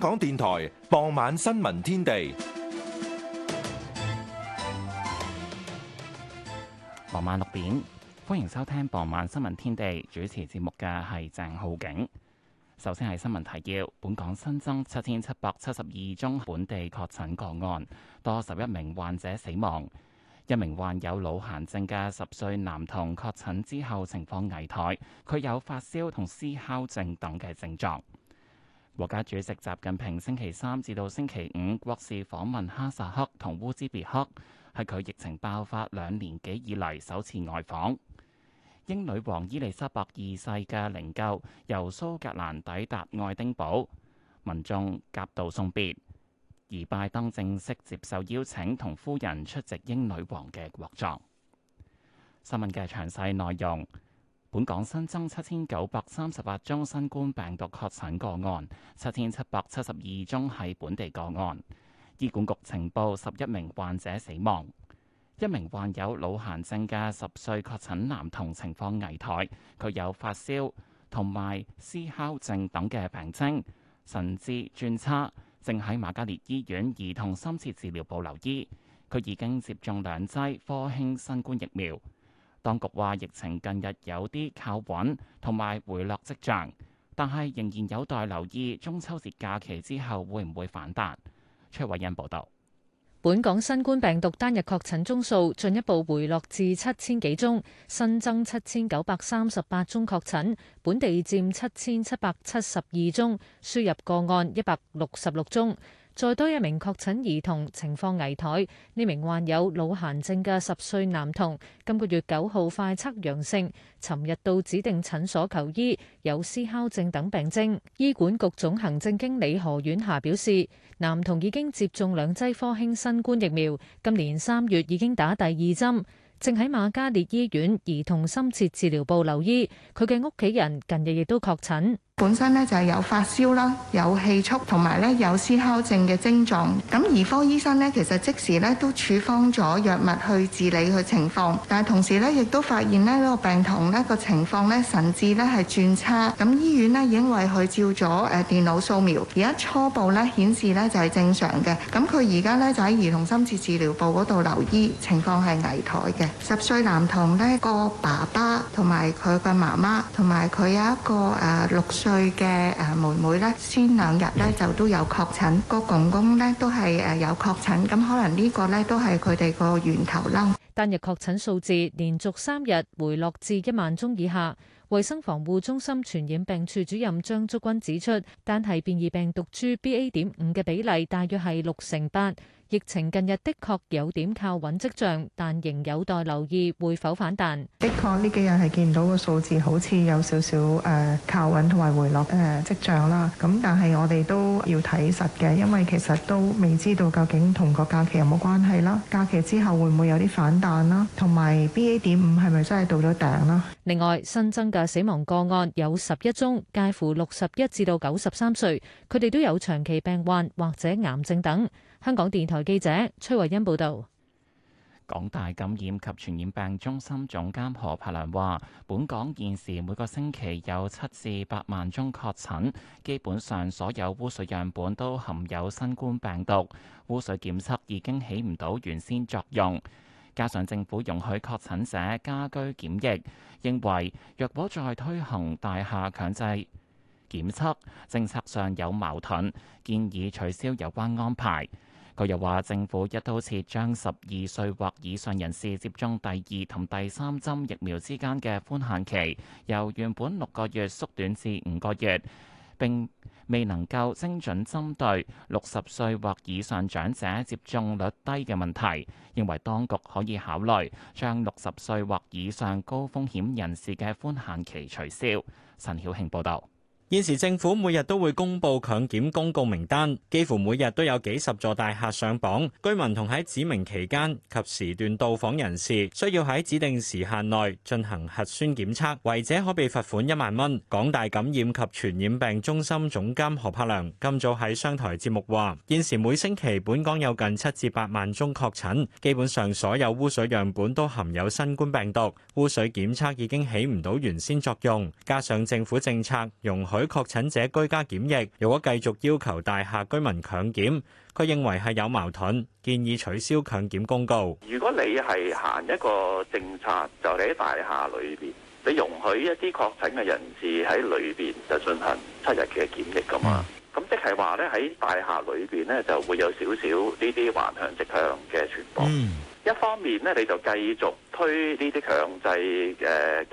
香港電台傍晚新聞天地，傍晚六點，歡迎收聽傍晚新聞天地。主持節目嘅係鄭浩景。首先係新聞提要：本港新增七千七百七十二宗本地確診個案，多十一名患者死亡。一名患有腦癇症嘅十歲男童確診之後情況危殆，佢有發燒同思考症等嘅症狀。國家主席習近平星期三至到星期五國事訪問哈薩克同烏茲別克，係佢疫情爆發兩年幾以嚟首次外訪。英女王伊麗莎白二世嘅靈柩由蘇格蘭抵達愛丁堡，民眾夾道送別，而拜登正式接受邀請同夫人出席英女王嘅國葬。新聞嘅詳細內容。本港新增七千九百三十八宗新冠病毒確診個案，七千七百七十二宗係本地個案。醫管局呈報十一名患者死亡，一名患有腦癇症嘅十歲確診男童情況危殆，佢有發燒同埋思考症等嘅病徵，神志轉差，正喺瑪嘉烈醫院兒童深切治療部留醫，佢已經接種兩劑科興新冠疫苗。當局話疫情近日有啲靠穩同埋回落跡象，但係仍然有待留意中秋節假期之後會唔會反彈。崔偉恩報道。本港新冠病毒單日確診宗數進一步回落至七千幾宗，新增七千九百三十八宗確診，本地佔七千七百七十二宗，輸入個案一百六十六宗。再多一名確診兒童情況危殆，呢名患有腦癇症嘅十歲男童，今個月九號快測陽性，尋日到指定診所求醫，有思考症等病徵。醫管局總行政經理何婉霞表示，男童已經接種兩劑科興新冠疫苗，今年三月已經打第二針，正喺瑪嘉烈醫院兒童深切治療部留醫。佢嘅屋企人近日亦都確診。本身咧就係有發燒啦，有氣促，同埋咧有思考症嘅症狀，咁兒科醫生咧，其實即時咧都處方咗藥物去治理佢情況，但係同時咧，亦都發現咧呢個病童呢個情況咧神智咧係轉差。咁醫院呢已經為佢照咗誒電腦掃描，而家初步咧顯示咧就係正常嘅。咁佢而家咧就喺兒童深切治療部嗰度留醫，情況係危殆嘅。十歲男童呢個爸爸同埋佢嘅媽媽同埋佢有，媽媽有一個誒六歲。佢嘅誒妹妹咧，先兩日咧就都有確診，個公公咧都係誒有確診，咁可能呢個咧都係佢哋個源頭啦。單日確診數字連續三日回落至一萬宗以下，衞生防護中心傳染病處主任張竹君指出，單係變異病毒株 BA 點五嘅比例，大約係六成八。疫情近日的確有點靠穩跡象，但仍有待留意會否反彈。的確呢幾日係見唔到個數字，好似有少少誒靠穩同埋回落誒跡象啦。咁但係我哋都要睇實嘅，因為其實都未知道究竟同個假期有冇關係啦。假期之後會唔會有啲反彈啦？同埋 BA 點五係咪真係到咗頂啦？另外新增嘅死亡個案有十一宗，介乎六十一至到九十三歲，佢哋都有長期病患或者癌症等。香港電台記者崔慧欣報道，港大感染及傳染病中心總監何柏良話，本港現時每個星期有七至八萬宗確診，基本上所有污水樣本都含有新冠病毒，污水檢測已經起唔到原先作用。加上政府容許確診者家居檢疫，認為若果再推行大廈強制檢測，政策上有矛盾，建議取消有關安排。佢又話：政府一刀切將十二歲或以上人士接種第二同第三針疫苗之間嘅寬限期，由原本六個月縮短至五個月，並未能夠精準針對六十歲或以上長者接種率低嘅問題，認為當局可以考慮將六十歲或以上高風險人士嘅寬限期取消。陳曉慶報導。現時政府每日都會公布強檢公告名單,幾乎每日都有幾十座大廈上榜,居民同喺指明期間,及時段到訪人士,需要喺指定時限內進行核酸檢測,違者可以被罰款一萬蚊,港大感染及傳染病中心總監何柏良,今早喺商台節目話。現時每星期本港有近七至八萬宗確診,基本上所有污水樣本都含有新冠病毒,污水檢測已經起唔到原先作用,加上政府政策容許佢確診者居家檢疫，如果繼續要求大廈居民強檢，佢認為係有矛盾，建議取消強檢公告。如果你係行一個政策，就喺大廈裏邊，你容許一啲確診嘅人士喺裏邊就進行七日嘅檢疫㗎嘛。啊咁即係話咧，喺大廈裏邊咧，就會有少少呢啲橫向、直向嘅傳播。Mm. 一方面咧，你就繼續推呢啲強制誒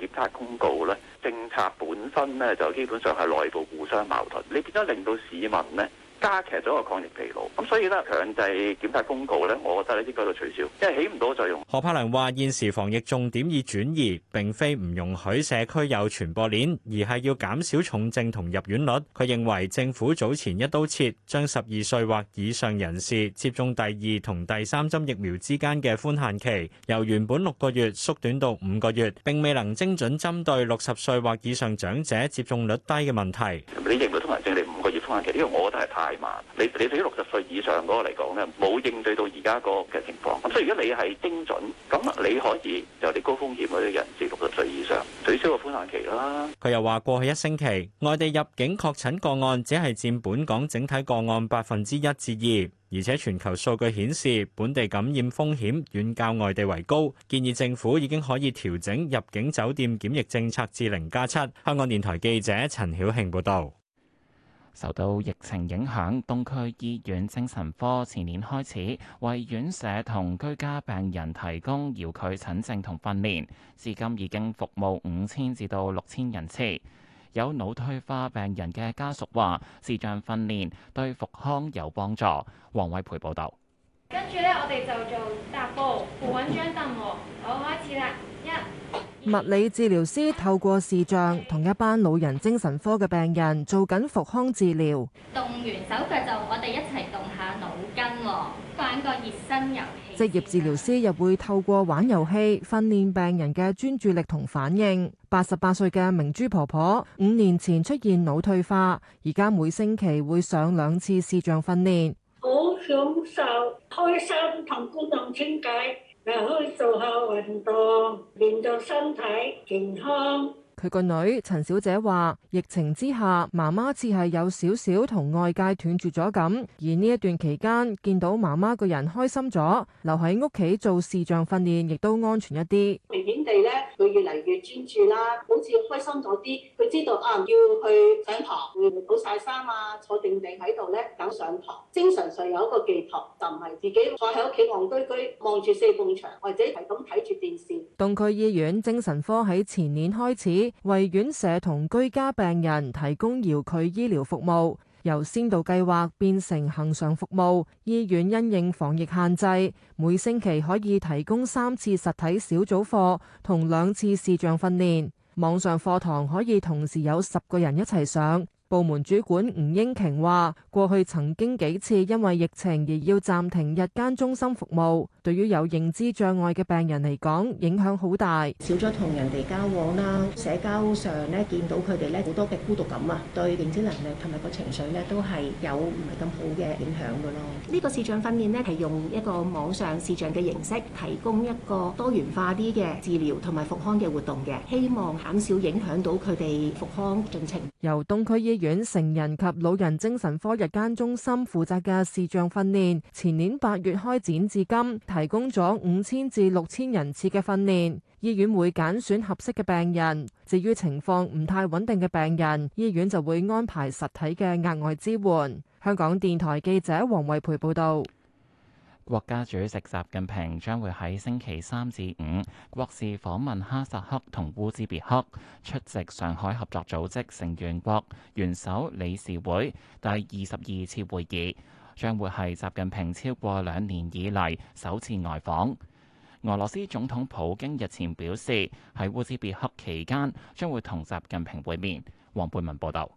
檢測公告咧，政策本身咧就基本上係內部互相矛盾，你變咗令到市民咧。加劇咗個抗疫疲勞，咁所以呢強制檢測公告呢，我覺得呢應該都取消，因為起唔到作用。何柏良話：現時防疫重點已轉移，並非唔容許社區有傳播鏈，而係要減少重症同入院率。佢認為政府早前一刀切，將十二歲或以上人士接種第二同第三針疫苗之間嘅寬限期，由原本六個月縮短到五個月，並未能精準針對六十歲或以上長者接種率低嘅問題。你認為通達性你唔？緩期呢個，我覺得係太慢。你你對於六十歲以上嗰個嚟講呢，冇應對到而家個嘅情況。咁所以如果你係精準，咁你可以有啲高風險嗰啲人至六十歲以上，取消個寬限期啦。佢又話：過去一星期，外地入境確診個案只係佔本港整體個案百分之一至二，而且全球數據顯示本地感染風險遠較外地為高。建議政府已經可以調整入境酒店檢疫政策至零加七。香港電台記者陳曉慶報導。受到疫情影響，東區醫院精神科前年開始為院舍同居家病人提供遙距診症同訓練，至今已經服務五千至到六千人次。有腦退化病人嘅家屬話，視像訓練對復康有幫助。黃偉培報導。跟住咧，我哋就做踏步，扶穩張凳喎，我開始啦。物理治療師透過視像同一班老人精神科嘅病人做緊復康治療，動完手腳就我哋一齊動一下腦筋喎、哦，玩個熱身遊戲。職業治療師又會透過玩遊戲訓練病人嘅專注力同反應。八十八歲嘅明珠婆婆五年前出現腦退化，而家每星期會上兩次視像訓練。好享受，開心同觀眾傾偈。又可以做下運動，練到身體健康。佢個女陳小姐話：疫情之下，媽媽似係有少少同外界斷絕咗咁。而呢一段期間，見到媽媽個人開心咗，留喺屋企做視像訓練，亦都安全一啲。明顯地咧，佢越嚟越專注啦，好似開心咗啲。佢知道啊，要去上堂，會攞晒衫啊，坐定定喺度咧等上堂。精神上有一個寄託，就唔係自己坐喺屋企戇居居望住四埲牆，或者係咁睇住電視。東區醫院精神科喺前年開始。為院舍同居家病人提供遙距醫療服務，由先導計劃變成恒常服務。醫院因應防疫限制，每星期可以提供三次實體小組課同兩次視像訓練，網上課堂可以同時有十個人一齊上。部門主管吳英瓊話：過去曾經幾次因為疫情而要暫停日間中心服務，對於有認知障礙嘅病人嚟講，影響好大，少咗同人哋交往啦，社交上呢見到佢哋呢好多嘅孤獨感啊，對認知能力同埋個情緒呢，都係有唔係咁好嘅影響噶咯。呢個視像訓練呢，係用一個網上視像嘅形式，提供一個多元化啲嘅治療同埋復康嘅活動嘅，希望減少影響到佢哋復康進程。由東區醫院成人及老人精神科日間中心負責嘅視像訓練，前年八月開展至今，提供咗五千至六千人次嘅訓練。醫院會揀選合適嘅病人，至於情況唔太穩定嘅病人，醫院就會安排實體嘅額外支援。香港電台記者黃慧培報道。國家主席習近平將會喺星期三至五國事訪問哈薩克同烏茲別克，出席上海合作組織成員國元首理事會第二十二次會議，將會係習近平超過兩年以嚟首次外訪。俄羅斯總統普京日前表示，喺烏茲別克期間將會同習近平會面。黃貝文報道。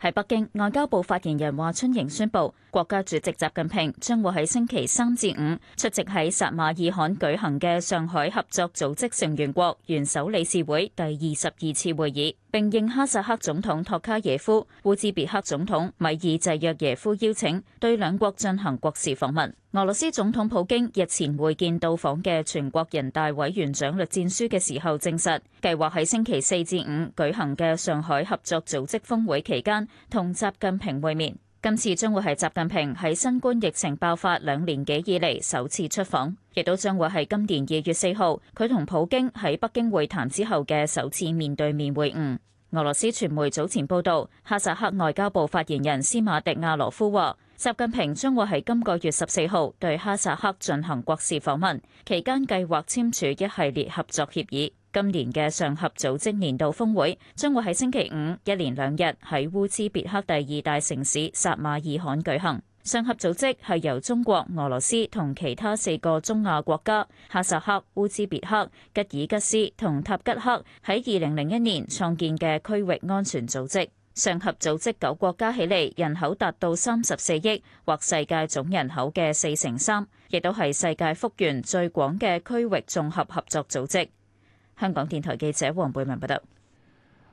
喺北京，外交部發言人華春瑩宣布，國家主席習近平將會喺星期三至五出席喺薩馬爾罕舉行嘅上海合作組織成員國元首理事會第二十二次會議，並應哈薩克總統托卡耶夫、烏茲別克總統米爾濟約耶夫邀請，對兩國進行國事訪問。俄羅斯總統普京日前會見到訪嘅全國人大委員長栗戰書嘅時候證實，計劃喺星期四至五舉行嘅上海合作組織峰會期間同習近平會面。今次將會係習近平喺新冠疫情爆發兩年幾以嚟首次出訪，亦都將會係今年二月四號佢同普京喺北京會談之後嘅首次面對面會晤。俄羅斯傳媒早前報道，哈薩克外交部發言人斯馬迪亞羅夫話。習近平將會喺今個月十四號對哈薩克進行國事訪問，期間計劃簽署一系列合作協議。今年嘅上合組織年度峰會將會喺星期五一連兩日喺烏茲別克第二大城市撒馬爾罕舉行。上合組織係由中國、俄羅斯同其他四個中亞國家——哈薩克、烏茲別克、吉爾吉斯同塔吉克——喺二零零一年創建嘅區域安全組織。上合組織九國加起嚟人口達到三十四億，或世界總人口嘅四成三，亦都係世界幅員最廣嘅區域綜合合作組織。香港電台記者黃貝文報道。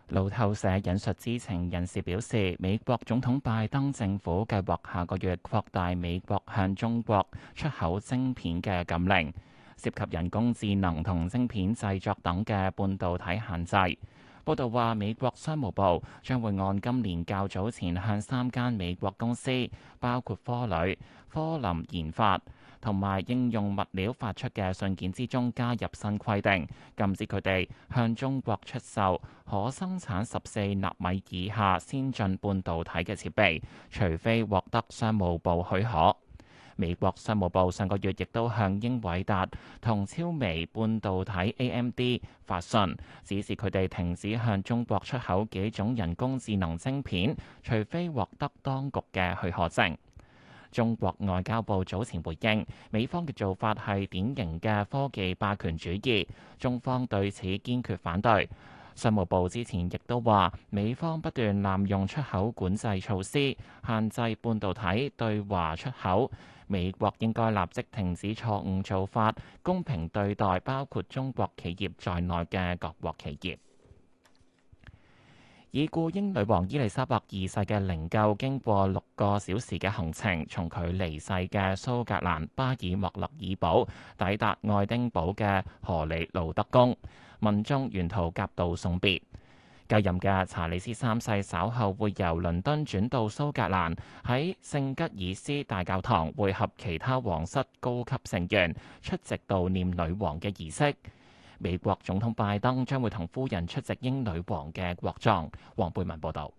路透社引述知情人士表示，美國總統拜登政府計劃下個月擴大美國向中國出口晶片嘅禁令，涉及人工智能同晶片製作等嘅半導體限制。報道話，美國商務部將會按今年較早前向三間美國公司，包括科磊、科林研發同埋應用物料發出嘅信件之中加入新規定，禁止佢哋向中國出售可生產十四納米以下先進半導體嘅設備，除非獲得商務部許可。美國商務部上個月亦都向英偉達同超微半導體 AMD 發信，指示佢哋停止向中國出口幾種人工智能晶片，除非獲得當局嘅許可證。中國外交部早前回應，美方嘅做法係典型嘅科技霸權主義，中方對此堅決反對。商務部之前亦都話，美方不斷濫用出口管制措施，限制半導體對華出口。美國應該立即停止錯誤做法，公平對待包括中國企業在內嘅各國企業。已故英女王伊麗莎白二世嘅靈柩經過六個小時嘅行程，從佢離世嘅蘇格蘭巴爾莫勒爾堡，抵達愛丁堡嘅荷里路德宮，民眾沿途夾道，道送別。繼任嘅查理斯三世稍後會由倫敦轉到蘇格蘭，喺聖吉爾斯大教堂會合其他皇室高級成員出席悼念女王嘅儀式。美國總統拜登將會同夫人出席英女王嘅國葬。黃貝文報道。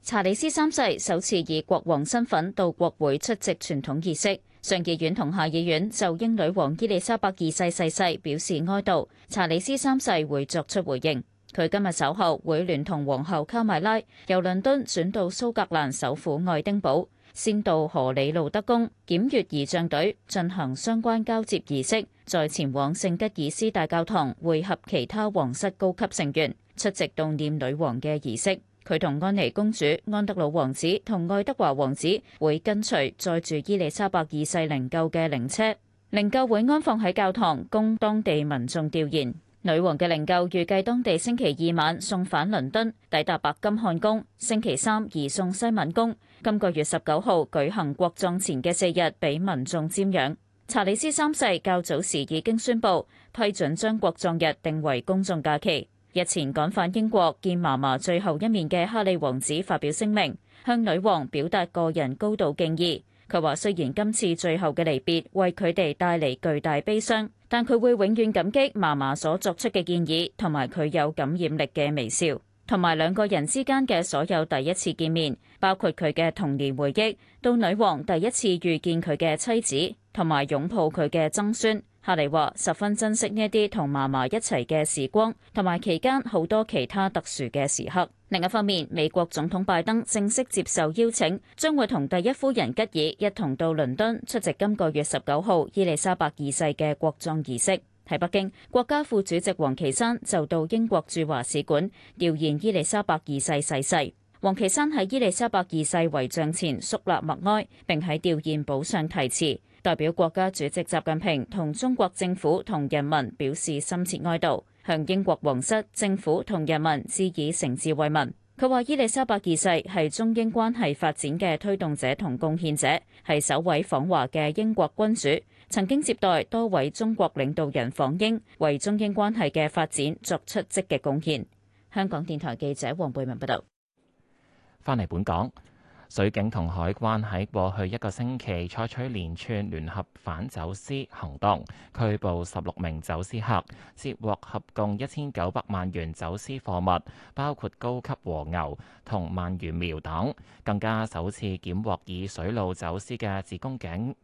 查理斯三世首次以國王身份到國會出席傳統儀式，上議院同下議院就英女王伊麗莎白二世逝世表示哀悼，查理斯三世會作出回應。佢今日稍後會聯同皇后卡米拉由倫敦轉到蘇格蘭首府愛丁堡，先到荷里路德宮檢閱儀仗隊，進行相關交接儀式，再前往聖吉爾斯大教堂會合其他皇室高級成員，出席悼念女王嘅儀式。佢同安妮公主、安德魯王子同愛德華王子會跟隨載住伊麗莎白二世靈柩嘅靈車，靈柩會安放喺教堂，供當地民眾弔唁。女王嘅靈柩預計當地星期二晚送返倫敦，抵達白金漢宮，星期三移送西敏宮。今個月十九號舉行國葬前嘅四日，俾民眾瞻仰。查理斯三世較早時已經宣布批准將國葬日定為公眾假期。日前趕返英國見嫲嫲最後一面嘅哈利王子發表聲明，向女王表達個人高度敬意。佢話雖然今次最後嘅離別為佢哋帶嚟巨大悲傷。但佢會永遠感激嫲嫲所作出嘅建議，同埋佢有感染力嘅微笑，同埋兩個人之間嘅所有第一次見面，包括佢嘅童年回憶，到女王第一次遇見佢嘅妻子，同埋擁抱佢嘅曾孫。哈利話十分珍惜呢一啲同嫲嫲一齊嘅時光，同埋期間好多其他特殊嘅時刻。另一方面，美國總統拜登正式接受邀請，將會同第一夫人吉爾一同到倫敦出席今個月十九號伊麗莎白二世嘅國葬儀式。喺北京，國家副主席王岐山就到英國駐華使館吊唁伊麗莎白二世逝世。王岐山喺伊麗莎白二世遺像前肅立默哀，並喺吊唁簿上題詞。代表國家主席習近平同中國政府同人民表示深切哀悼，向英國皇室、政府同人民致以誠摯慰問。佢話伊麗莎白二世係中英關係發展嘅推動者同貢獻者，係首位訪華嘅英國君主，曾經接待多位中國領導人訪英，為中英關係嘅發展作出積極貢獻。香港電台記者黃貝文報道。翻嚟本港。水警同海關喺過去一個星期採取連串聯合反走私行動，拘捕十六名走私客，截獲合共一千九百萬元走私貨物，包括高級和牛同鰻魚苗等。更加首次檢獲以水路走私嘅子宮頸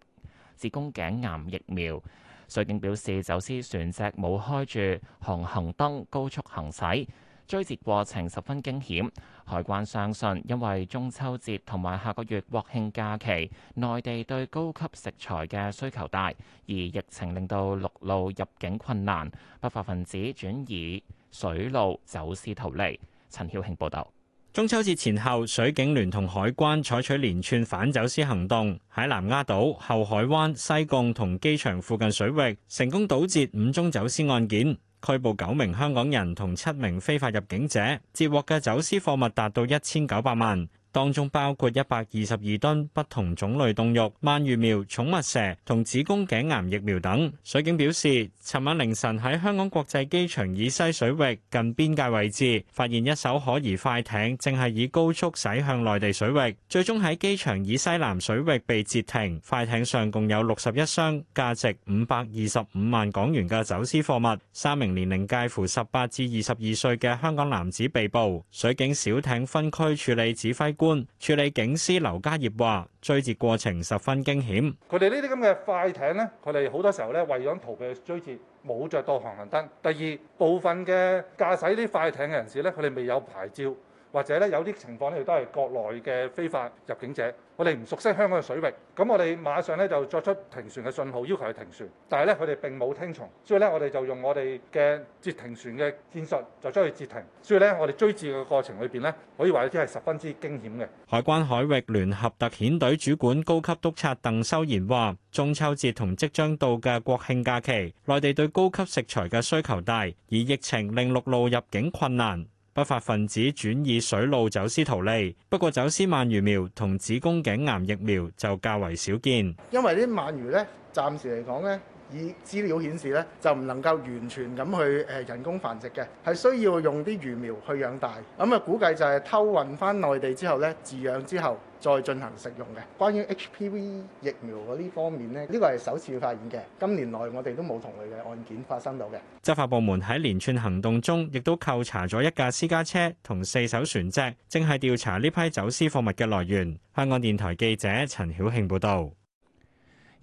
子宮頸癌疫苗。水警表示，走私船隻冇開住航行燈，高速行駛。追截過程十分驚險，海關相信因為中秋節同埋下個月國慶假期，內地對高級食材嘅需求大，而疫情令到陸路入境困難，不法分子轉移水路走私逃離。陳曉慶報導，中秋節前後，水警聯同海關採取連串反走私行動，喺南丫島、後海灣、西貢同機場附近水域，成功堵截五宗走私案件。拘捕九名香港人同七名非法入境者，截獲嘅走私貨物達到一千九百萬。當中包括一百二十二噸不同種類凍肉、鰻魚苗、寵物蛇同子宮頸癌疫苗等。水警表示，尋晚凌晨喺香港國際機場以西水域近邊界位置，發現一艘可疑快艇正係以高速駛向內地水域，最終喺機場以西南水域被截停。快艇上共有六十一箱價值五百二十五萬港元嘅走私貨物，三名年齡介乎十八至二十二歲嘅香港男子被捕。水警小艇分區處理指揮官。處理警司劉家業話：追截過程十分驚險，佢哋呢啲咁嘅快艇咧，佢哋好多時候咧為咗逃避追截，冇着到航行燈。第二，部分嘅駕駛啲快艇嘅人士咧，佢哋未有牌照。或者咧有啲情況咧，亦都係國內嘅非法入境者，我哋唔熟悉香港嘅水域，咁我哋馬上咧就作出停船嘅信號，要求佢停船，但係咧佢哋並冇聽從，所以咧我哋就用我哋嘅截停船嘅戰術，就將佢截停。所以咧我哋追截嘅過程裏邊咧，可以話有啲係十分之驚險嘅。海關海域聯合特遣隊主管高級督察鄧修賢話，中秋節同即將到嘅國慶假期，內地對高級食材嘅需求大，而疫情令陸路入境困難。不法分子轉以水路走私圖利，不過走私鰻魚苗同子宮頸癌疫苗就較為少見，因為啲鰻魚呢，暫時嚟講呢。以資料顯示咧，就唔能夠完全咁去誒人工繁殖嘅，係需要用啲魚苗去養大。咁啊估計就係偷運翻內地之後咧，飼養之後再進行食用嘅。關於 HPV 疫苗嗰啲方面呢，呢個係首次發現嘅。今年內我哋都冇同類嘅案件發生到嘅。執法部門喺連串行動中，亦都扣查咗一架私家車同四艘船隻，正係調查呢批走私貨物嘅來源。香港電台記者陳曉慶報導。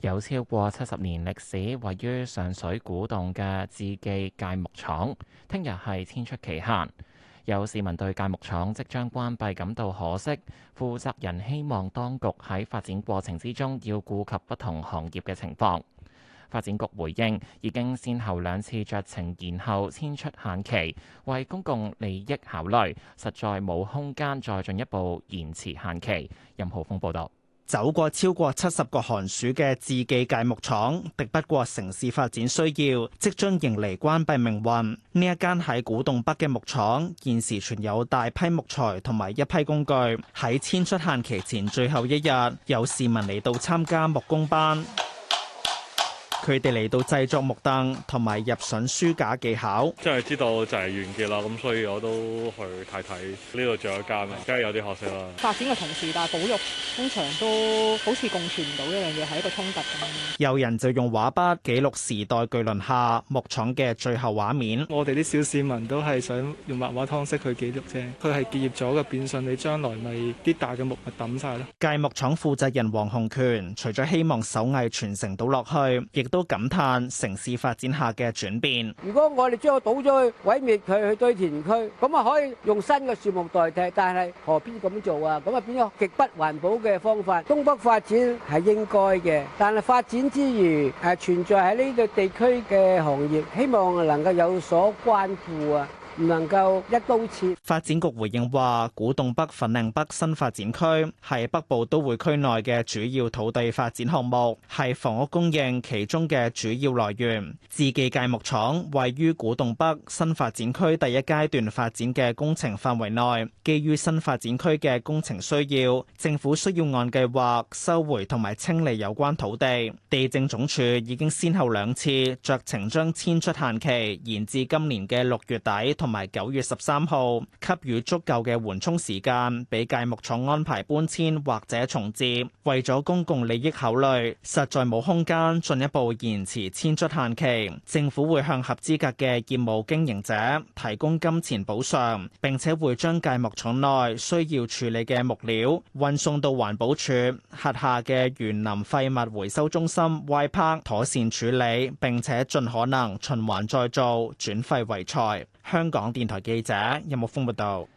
有超過七十年歷史，位於上水古洞嘅志記鎅木廠，聽日係遷出期限。有市民對鎅木廠即將關閉感到可惜，負責人希望當局喺發展過程之中要顧及不同行業嘅情況。發展局回應，已經先後兩次酌情延後遷出限期，為公共利益考慮，實在冇空間再進一步延遲限期。任浩峰報導。走過超過七十個寒暑嘅志記鎅木廠，敵不過城市發展需要，即將迎嚟關閉命運。呢一間喺古洞北嘅木廠，現時存有大批木材同埋一批工具。喺遷出限期前最後一日，有市民嚟到參加木工班。佢哋嚟到製作木凳同埋入榫書架技巧，真係知道就係完結啦。咁所以我都去睇睇呢度仲有一間咩？梗係有啲可惜啦。發展嘅同時，但係保育通常都好似共存唔到一樣嘢，係一個衝突咁樣。有人就用畫筆記錄時代巨輪下木廠嘅最後畫面。我哋啲小市民都係想用漫畫方式去記錄啫。佢係結業咗嘅變相，你將來咪啲大嘅木物抌晒咯。鎅木廠負責人黃紅權，除咗希望手藝傳承到落去，亦都感嘆城市發展下嘅轉變。如果我哋將佢倒咗去毀滅佢去堆填區，咁啊可以用新嘅樹木代替，但係何必咁做啊？咁啊變咗極不環保嘅方法。東北發展係應該嘅，但係發展之餘，誒存在喺呢個地區嘅行業，希望能夠有所關顧啊。唔能夠一刀切。發展局回應話，古洞北、粉嶺北新發展區係北部都會區內嘅主要土地發展項目，係房屋供應其中嘅主要來源。志記鎅木廠位於古洞北新發展區第一階段發展嘅工程範圍內，基於新發展區嘅工程需要，政府需要按計劃收回同埋清理有關土地。地政總署已經先後兩次酌情將遷出限期延至今年嘅六月底。同埋九月十三號給予足夠嘅緩衝時間，俾界木廠安排搬遷或者重置。為咗公共利益考慮，實在冇空間進一步延遲遷出限期。政府會向合資格嘅業務經營者提供金錢補償，並且會將界木廠內需要處理嘅木料運送到環保署轄下嘅園林廢物回收中心，Y Park 妥善處理，並且盡可能循環再造，轉廢為財。香港電台記者任木峰報道：有有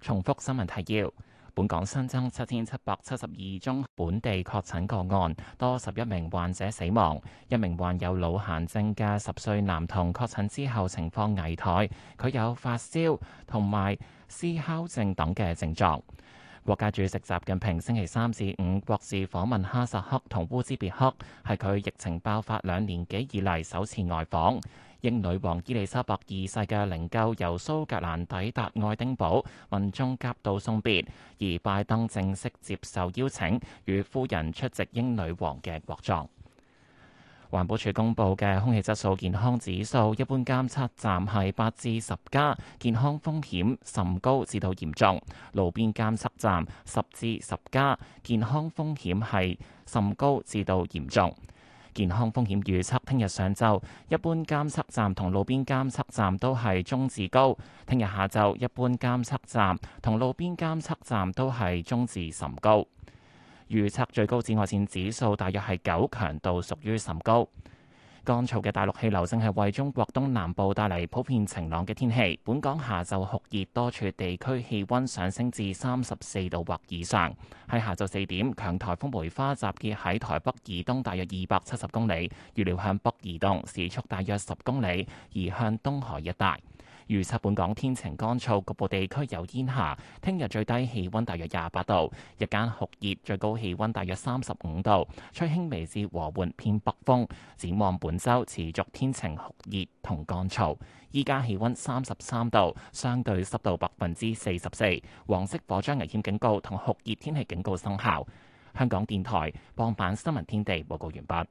重複新聞提要，本港新增七千七百七十二宗本地確診個案，多十一名患者死亡。一名患有腦癇症嘅十歲男童確診之後情況危殆，佢有發燒同埋思考症等嘅症狀。國家主席習近平星期三至五國事訪問哈薩克同烏茲別克，係佢疫情爆發兩年幾以嚟首次外訪。英女王伊利沙伯二世嘅靈柩由蘇格蘭抵達愛丁堡，民眾夾道送別。而拜登正式接受邀請，與夫人出席英女王嘅國葬。環保署公布嘅空氣質素健康指數，一般監測站係八至十加，健康風險甚高至到嚴重；路邊監測站十至十加，健康風險係甚高至到嚴重。健康風險預測：聽日上晝，一般監測站同路邊監測站都係中至高。聽日下晝，一般監測站同路邊監測站都係中至甚高。預測最高紫外線指數大約係九，強度屬於甚高。乾燥嘅大陸氣流正係為中國東南部帶嚟普遍晴朗嘅天氣。本港下晝酷熱，多處地區氣温上升至三十四度或以上。喺下晝四點，強颱風梅花集結喺台北以東大約二百七十公里，預料向北移動，時速大約十公里，移向東海一帶。預測本港天晴乾燥，局部地區有煙霞。聽日最低氣溫大約廿八度，日間酷熱，最高氣溫大約三十五度，吹輕微至和緩偏北風。展望本周持續天晴酷熱同乾燥。依家氣溫三十三度，相對濕度百分之四十四，黃色火災危險警告同酷熱天氣警告生效。香港電台傍晚新聞天地報告完畢。